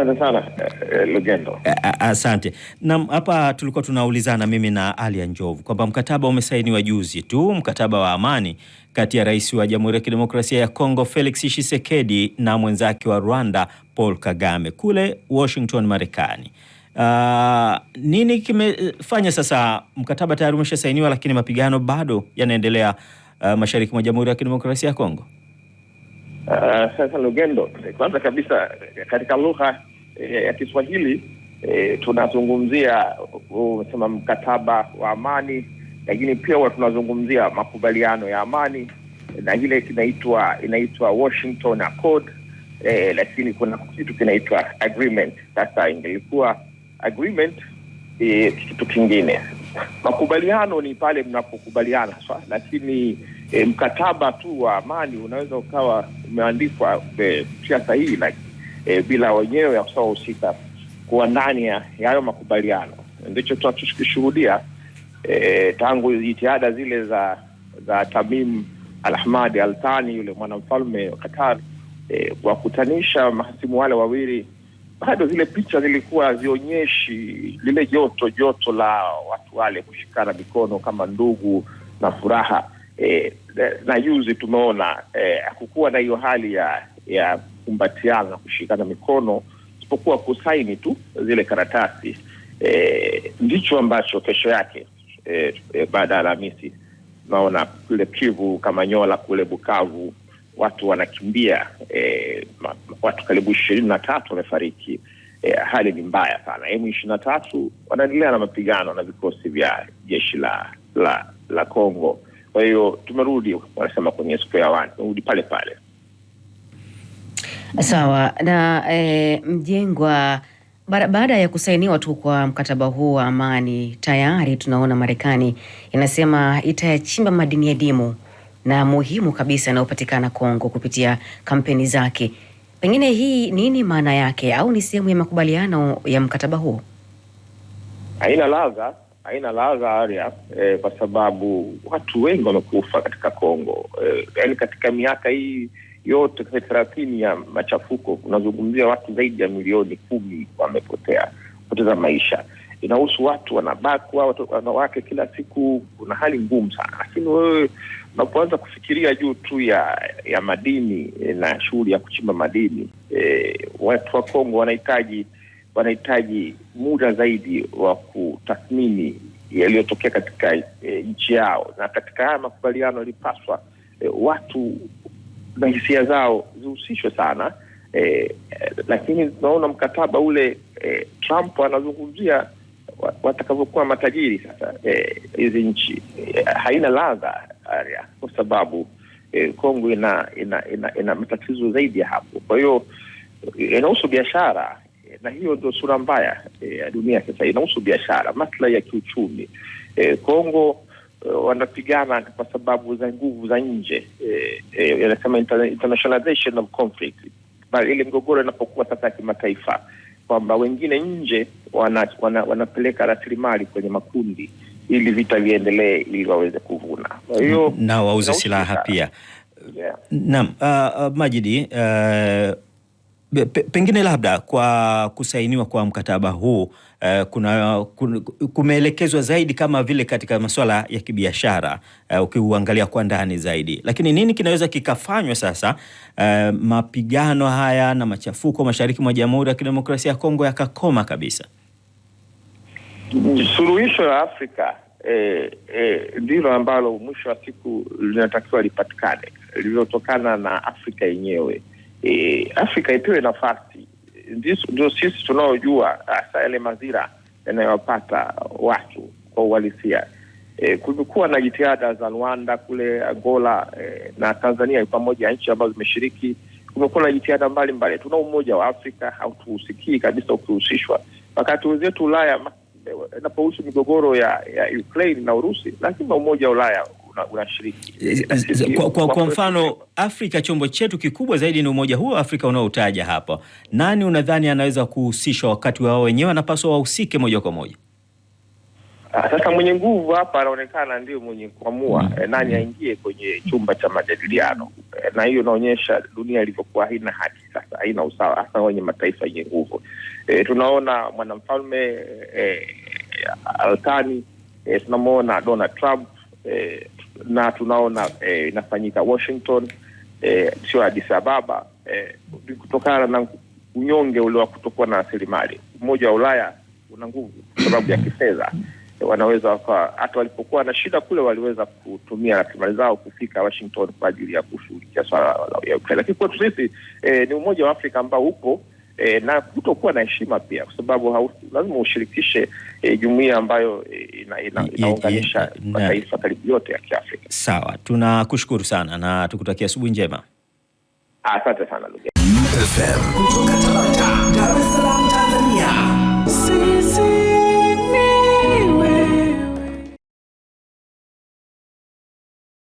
Asante sana eh, eh, Lugendo. Eh, asante. Naam, hapa tulikuwa tunaulizana mimi na Ali Anjovu kwamba mkataba umesainiwa juzi tu, mkataba wa amani kati ya rais wa Jamhuri ya Kidemokrasia ya Kongo Felix Tshisekedi na mwenzake wa Rwanda Paul Kagame kule Washington, Marekani. Uh, nini kimefanya sasa mkataba tayari umeshasainiwa lakini mapigano bado yanaendelea uh, mashariki mwa Jamhuri ya Kidemokrasia ya Kongo? Uh, sasa Lugendo, kwanza kabisa katika lugha eh, ya Kiswahili eh, tunazungumzia sema mkataba wa amani, lakini pia huwa tunazungumzia makubaliano ya amani na ile kinaitwa inaitwa Washington Accord eh, lakini kuna kitu kinaitwa agreement. Sasa ingelikuwa agreement eh, kitu kingine. Makubaliano ni pale mnapokubaliana so, lakini eh, mkataba tu wa amani unaweza ukawa umeandikwa eh, kutia sahihi like, e, bila wenyewe afisa wahusika kuwa ndani ya hayo makubaliano. Ndicho tunachoshuhudia e, tangu jitihada zile za za Tamim Alahmad Altani yule mwanamfalme wa Qatar e, kuwakutanisha mahasimu wale wawili bado zile picha zilikuwa zionyeshi lile joto joto la watu wale kushikana mikono kama ndugu na furaha e, na juzi tumeona e, hakukuwa e, na hiyo hali ya ya kukumbatiana na kushikana mikono isipokuwa kusaini tu zile karatasi e, ndicho ambacho kesho yake e, e, baada ya Alhamisi naona kule Kivu Kamanyola kule Bukavu watu wanakimbia e, watu karibu ishirini na tatu wamefariki. E, hali ni mbaya sana. Emu ishirini na tatu wanaendelea na mapigano na vikosi vya jeshi la la la congo Kwa hiyo tumerudi, wanasema kwenye ya one, tumerudi pale pale. Sawa na e, Mjengwa, baada ya kusainiwa tu kwa mkataba huu wa amani, tayari tunaona Marekani inasema itayachimba madini ya dimu na muhimu kabisa yanayopatikana Kongo kupitia kampeni zake. Pengine hii nini maana yake, au ni sehemu ya makubaliano ya mkataba huo? Haina ladha, haina ladha aria eh, kwa sababu watu wengi wamekufa katika Kongo eh, yaani katika miaka hii yote thelathini ya machafuko, unazungumzia watu zaidi ya milioni kumi wamepotea, poteza maisha. Inahusu watu wanabakwa, wanawake kila siku, kuna hali ngumu sana. Lakini wewe unapoanza kufikiria juu tu ya ya madini eh, na shughuli ya kuchimba madini e, watu wa Kongo wanahitaji wanahitaji muda zaidi wa kutathmini yaliyotokea katika e, nchi yao, na katika haya makubaliano yalipaswa e, watu na hisia zao zihusishwe sana e, lakini tunaona mkataba ule e, Trump anazungumzia watakavyokuwa matajiri sasa eh, hizi e, nchi e, haina ladha kwa sababu e, Kongo ina ina, ina ina matatizo zaidi ya hapo. Kwa hiyo inahusu biashara na hiyo ndio sura mbaya ya e, dunia sasa, inahusu biashara, maslahi ya kiuchumi Kongo Eh, wanapigana kwa sababu za nguvu za nje, eh, eh, anasema internationalization of conflict, ile migogoro inapokuwa sasa ya kimataifa, kwamba wengine nje wana, wana, wanapeleka rasilimali kwenye makundi ili vita viendelee ili waweze kuvuna, hiyo na wauze silaha pia. Naam, ah, ah, Majidi uh, pengine labda kwa kusainiwa kwa mkataba huu eh, kuna kumeelekezwa zaidi kama vile katika masuala ya kibiashara eh, ukiuangalia kwa ndani zaidi, lakini nini kinaweza kikafanywa sasa eh, mapigano haya na machafuko mashariki mwa Jamhuri ya Kidemokrasia ya Kongo yakakoma kabisa? Suluhisho la Afrika ndilo eh, eh, ambalo mwisho wa siku linatakiwa lipatikane lililotokana na Afrika yenyewe e, Afrika ipewe nafasi. Ndio sisi tunaojua hasa yale mazira yanayopata watu kwa uhalisia. E, kumekuwa na jitihada za Rwanda kule Angola, e, na Tanzania pamoja ya nchi ambazo zimeshiriki. Kumekuwa na jitihada mbalimbali. Tuna umoja wa Afrika, hautuhusikii kabisa ukihusishwa, wakati wenzetu Ulaya inapohusu migogoro ya, ya Ukraine na Urusi, lazima umoja wa Ulaya unashiriki una eh, eh, kwa, kwa, kwa mfano Afrika chombo chetu kikubwa zaidi ni umoja huo Afrika unaoutaja hapa. Nani unadhani anaweza kuhusishwa wakati wao wenyewe anapaswa wahusike moja kwa moja? Ah, sasa mwenye nguvu hapa anaonekana ndio mwenye kuamua mm. Eh, nani aingie kwenye chumba cha majadiliano na hiyo inaonyesha dunia ilivyokuwa haina haki sasa, haina usawa hasa wenye mataifa yenye nguvu E, tunaona mwanamfalme e, Altani e, tunamwona Donald Trump e, na tunaona eh, inafanyika Washington eh, sio Addis Ababa eh, kutokana na unyonge ule wa kutokuwa na rasilimali. Umoja wa Ulaya una nguvu kwa sababu ya kifedha wanaweza hata walipokuwa na shida kule waliweza kutumia rasilimali zao kufika Washington kwa ajili ya kushughulikia swala la Ukraine. Lakini kwetu sisi eh, ni umoja wa Afrika ambao upo e, na kutokuwa na heshima pia, kwa sababu lazima ushirikishe e, jumuiya ambayo e, inaunganisha ina, ina mataifa karibu yote ya Kiafrika. Sawa, tunakushukuru sana na tukutakia asubuhi njema. Asante sana ndugu.